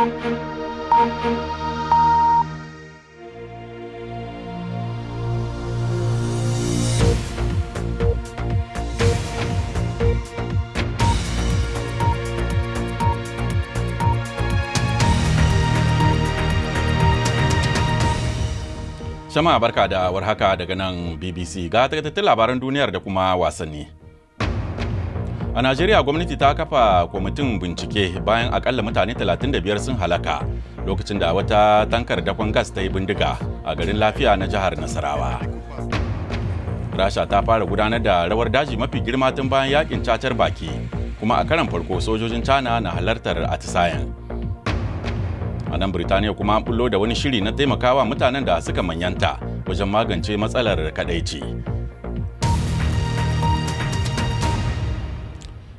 Shama barka da warhaka daga nan BBC ga takaitattun labaran duniyar da kuma wasanni. A Najeriya gwamnati ta kafa kwamitin bincike bayan akalla mutane 35 sun halaka lokacin da wata tankar dakon gas ta yi bindiga a garin lafiya na jihar Nasarawa. Rasha ta fara gudanar da rawar daji mafi girma tun bayan yakin cacar baki kuma a karan farko sojojin China na halartar atisayen. A nan Birtaniya kuma an bullo da wani shiri na taimakawa mutanen da suka manyanta wajen magance matsalar kadaici.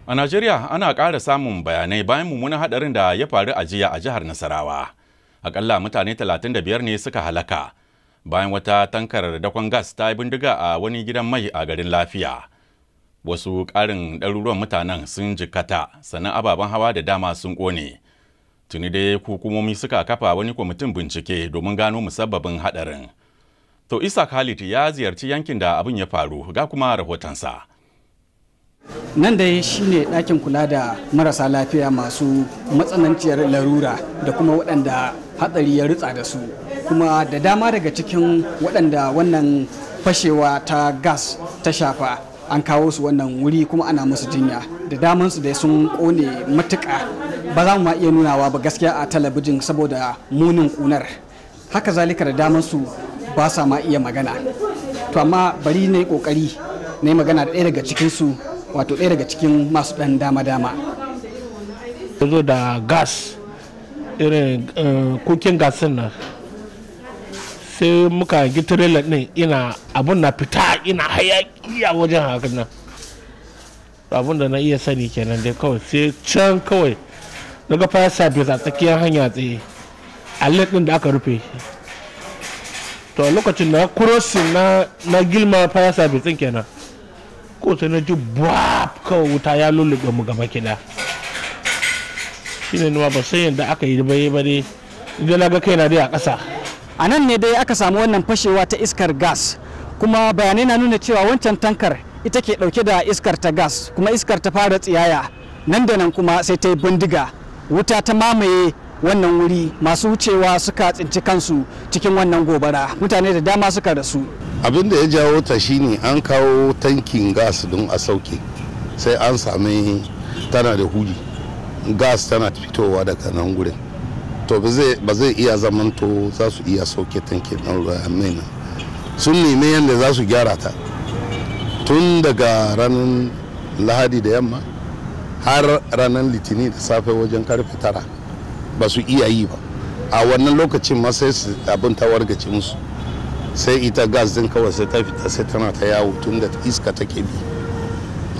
A Najeriya ana ƙara samun bayanai bayan mummunan haɗarin da ya faru a jiya a jihar Nasarawa. Akalla mutane 35 ne suka halaka bayan wata tankar dakon gas ta yi bindiga a wani gidan mai a garin lafiya. Wasu ƙarin ɗaruruwan mutanen sun jikkata sannan ababen hawa da dama sun ƙone. Tuni dai hukumomi suka kafa wani kwamitin bincike domin gano musabbabin haɗarin. To Isa Khalid ya ziyarci yankin da abin ya faru ga kuma rahotonsa. nan da shi ne ɗakin kula da marasa lafiya masu matsananciyar larura da kuma waɗanda hatsari ya ritsa da su kuma da dama daga cikin waɗanda wannan fashewa ta gas ta shafa an kawo su wannan wuri kuma ana musu jinya da damansu dai sun ƙone matuƙa ba za mu ma iya nunawa ba gaskiya a talabijin saboda munin ƙunar haka zalika da damansu ba sa ma iya magana to amma bari na yi ƙoƙari na yi magana da ɗaya daga cikinsu wato ɗaya daga cikin masu ɗan dama-dama zo da gas irin kukin eh, gasin nan sai muka gi trailer ɗin ina abun na fita ina hayaki a wajen hakan nan abun da na iya sani kenan dai kawai sai can kawai daga fire service a tsakiyar hanya tsaye a ɗin da aka rufe to lokacin na crossing na gilma fire service ɗin kenan ko sai na ji buwaf kawai wuta ya lullube mu gaba kiɗa shine ma ba sai yadda aka yi bai ne idan na ga kai na dai a ƙasa a nan ne dai aka samu wannan fashewa ta iskar gas kuma bayanai na nuna cewa wancan tankar ita ke ɗauke da iskar ta gas kuma iskar ta fara tsiyaya nan da nan kuma sai ta yi bindiga wuta ta mamaye wannan wuri masu wucewa suka tsinci kansu cikin wannan gobara mutane da dama suka rasu abin da ya jawo ta shine an kawo tankin gas don a sauke sai an sami tana da huli gas tana fitowa daga nan gurin to ba zai iya zamanto za su iya sauke tankin nan mai nan sun nemi yadda za su gyara ta tun daga ranar lahadi da yamma har ranar litini da safe wajen karfe tara ba su iya yi ba a wannan lokacin ma abin ta wargace musu sai ita gas din kawai sai ta fita sai tana ta yawo tun da iska take bi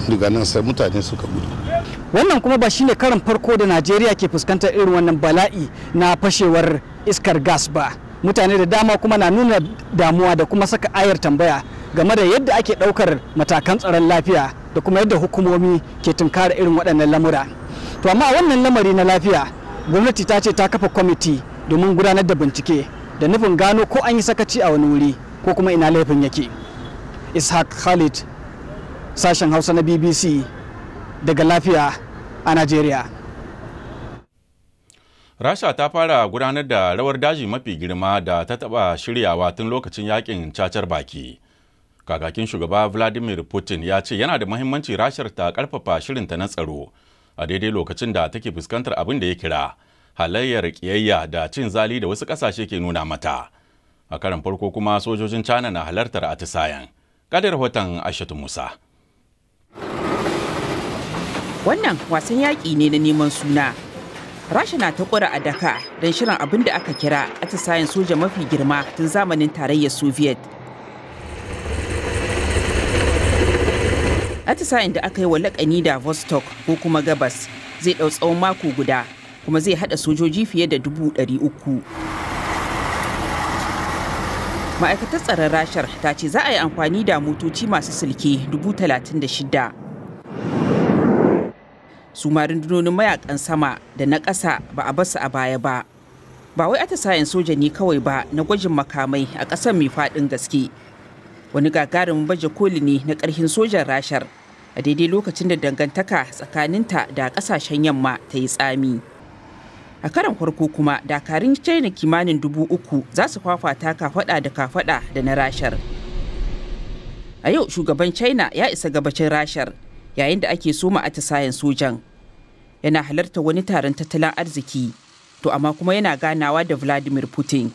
daga nan sai mutane suka gudu wannan kuma ba shine karin farko da najeriya ke fuskantar irin wannan bala'i na fashewar iskar gas ba mutane da dama kuma na nuna damuwa da kuma saka ayar tambaya game da yadda ake daukar matakan tsaron lafiya da kuma yadda hukumomi ke tunkara irin waɗannan lamura to amma wannan lamari na lafiya gwamnati ta ce ta kafa kwamiti domin gudanar da bincike da nufin gano ko an yi sakaci a wani wuri ko kuma ina laifin yake Ishak khalid sashen hausa na bbc daga lafiya a najeriya rasha ta fara gudanar da rawar daji mafi girma da ta taba shiryawa tun lokacin yakin cacar baki kakakin shugaba vladimir putin ya ce yana da mahimmanci rashar ta karfafa shirinta na tsaro a daidai lokacin da take fuskantar abin da ya kira halayyar ƙiyayya da cin zali da wasu ƙasashe ke nuna mata a karan farko kuma sojojin china na halartar atisayen kadar rahoton ashatu musa wannan wasan yaƙi ne na neman suna rasha na ta ƙura a daka don shirin abin da aka kira atisayen soja mafi girma tun zamanin tarayyar soviet atisayen da aka yi wa laƙani da vostok ko kuma gabas zai ɗau tsawon mako guda kuma zai hada sojoji fiye da dubu ɗari uku. ma'aikatar tsaron rashar ta ce za a yi amfani da motoci masu silke dubu talatin da shida. su rundunonin mayakan sama da na ƙasa ba a basu a baya ba ba wai atisayen soja ne kawai ba na gwajin makamai a ƙasar mai faɗin gaske wani gagarumin baje koli ne na ƙarfin sojan rashar a daidai lokacin da dangantaka tsakaninta da ƙasashen yamma ta yi tsami. a karan farko kuma dakarun china kimanin dubu uku za su fafata kafada da kafada da na rashar a yau shugaban china ya isa gabacin rashar yayin da ake soma atisayen sojan yana halarta wani taron tattalin arziki to amma kuma yana ganawa da vladimir putin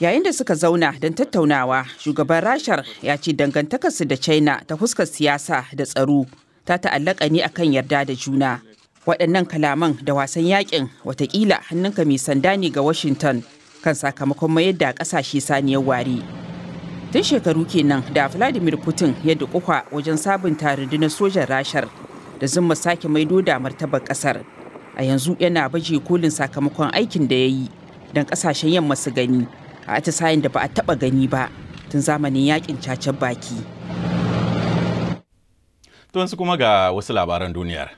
yayin da suka zauna don tattaunawa shugaban rashar ya ce dangantakarsu da china ta fuskar siyasa da tsaro ta ta'allaka ne akan yarda da juna waɗannan kalaman da wasan yakin watakila hannunka mai sanda ne ga washington kan sakamakon mayar da ƙasashe saniyar ware tun shekaru kenan da vladimir putin ya dukuwa wajen sabunta rundunar sojan rashar da zumma sake maido da martabar ƙasar a yanzu yana baje kolin sakamakon aikin da ya yi don ƙasashen yamma su gani a atisayen da ba a taɓa gani ba tun zamanin yakin cacen baki. To kuma ga wasu labaran duniyar.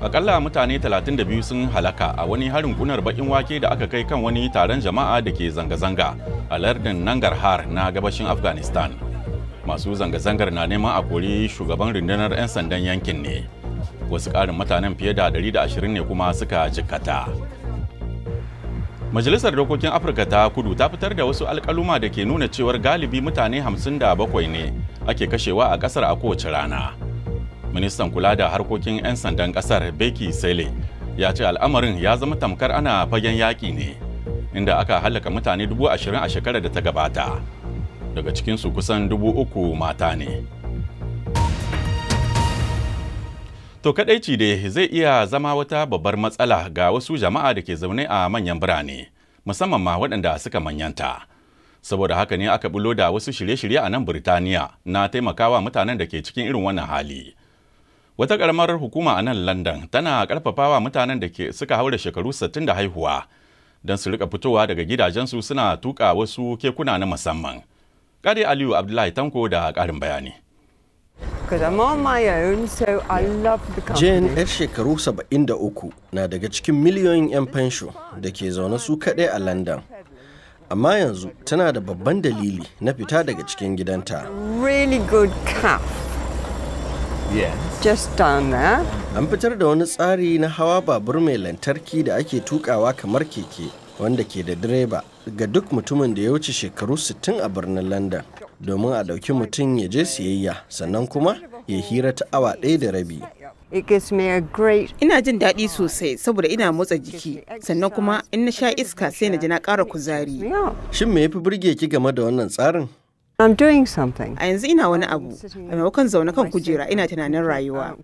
Akalla mutane 32 sun halaka a wani harin kunar bakin wake da aka kai kan wani taron jama'a da ke zanga-zanga a lardin Nangarhar na gabashin Afghanistan. Masu zanga-zangar na neman a kori shugaban rundunar 'yan sandan yankin ne. Wasu ƙarin mutanen fiye da 120 ne kuma suka jikkata. Majalisar Dokokin Afirka ta Kudu ta fitar da wasu alƙaluma da ke nuna cewar galibi mutane 57 ne ake kashewa a ƙasar a kowace rana. ministan kula da harkokin 'yan sandan kasar beki sele ya ce al'amarin ya zama tamkar ana fagen yaƙi ne inda aka halaka mutane dubu ashirin a shekarar da ta gabata daga cikinsu kusan dubu uku mata ne to kadaici da zai iya zama wata babbar matsala ga wasu jama'a da ke zaune a manyan birane musamman ma waɗanda suka manyanta saboda haka ne aka bulo da wasu shirye-shirye a nan Birtaniya na taimakawa mutanen da ke cikin irin wannan hali. Wata ƙaramar hukuma a nan London tana ƙarfafawa mutanen da ke suka haura shekaru 60 da haihuwa don su rika fitowa daga gidajensu suna tuka wasu kekuna na musamman. Kare Aliyu Abdullahi Tanko da ƙarin bayani. Jane yar shekaru 73 na daga cikin miliyoyin 'yan fansho da ke zaune su kaɗai a London. Amma yanzu tana da babban dalili na fita daga cikin gidanta. Really good Just down there. An fitar da wani tsari na hawa babur mai lantarki da ake tukawa kamar keke wanda ke da direba ga duk mutumin da ya wuce shekaru 60 a birnin London domin a ɗauki mutum ya je siyayya sannan kuma ya hira ta awa ɗaya da rabi. Great... Ina jin daɗi sosai saboda ina motsa jiki sannan kuma in na sha iska sai na ji na ƙara kuzari. Shin me ya fi burge ki game da wannan tsarin? I'm doing something. A yanzu ina wani abu, a maimakon zaune kan kujera ina uh, tunanin uh, rayuwa.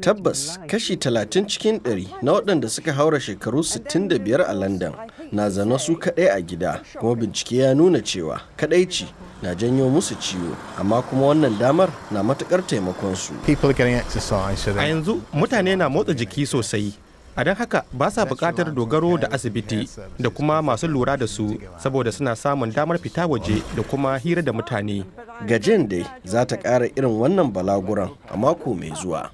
Tabbas kashi talatin cikin ɗari na waɗanda suka haura shekaru 65 a London na zana su kaɗai a gida, kuma bincike ya nuna cewa kaɗaici na janyo musu ciwo, amma kuma wannan damar na matuƙar taimakon su. A yanzu mutane na motsa jiki sosai. a don haka ba sa bukatar dogaro da asibiti da kuma masu lura da su saboda suna samun damar fita waje da kuma hira da mutane gajen dai za ta kara irin wannan balaguran a mako mai zuwa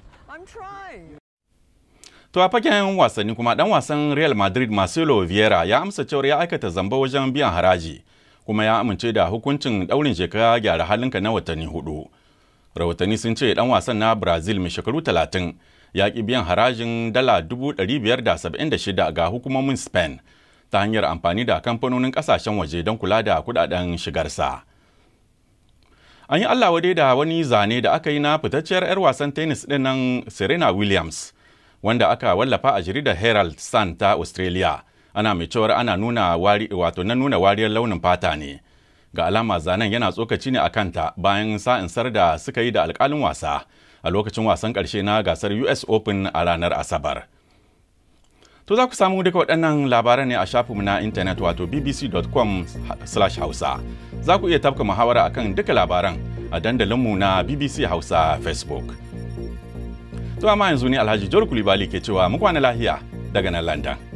To a fagen wasanni kuma dan wasan Real Madrid Marcelo Vieira ya amsa cewar ya aikata zamba wajen biyan haraji kuma ya amince da hukuncin daurin shekara gyara halinka na watanni hudu. Rahotanni sun ce dan wasan na Brazil mai shekaru talatin ya ki biyan harajin dala 576 ga hukumomin spain ta hanyar amfani da kamfanonin kasashen waje don kula da kudaden shigarsa an yi allah wade da wani zane da aka yi na fitacciyar 'yar wasan tennis din nan serena williams wanda aka wallafa a jaridar herald sun ta australia ana mai cewar ana nuna wari wato na nuna wariyar launin fata ne ga alama zanen yana tsokaci ne a kanta bayan sa'insar da suka yi da alkalin wasa a lokacin wasan ƙarshe na gasar US Open a ranar Asabar. To za ku samu duka waɗannan labaran ne a shafinmu na intanet wato bbc.com/hausa. Za ku iya tafka muhawara akan duka labaran a dandalinmu na BBC Hausa Facebook. To amma yanzu ne Alhaji Jor Kulibali ke cewa mu kwana lahiya daga nan London.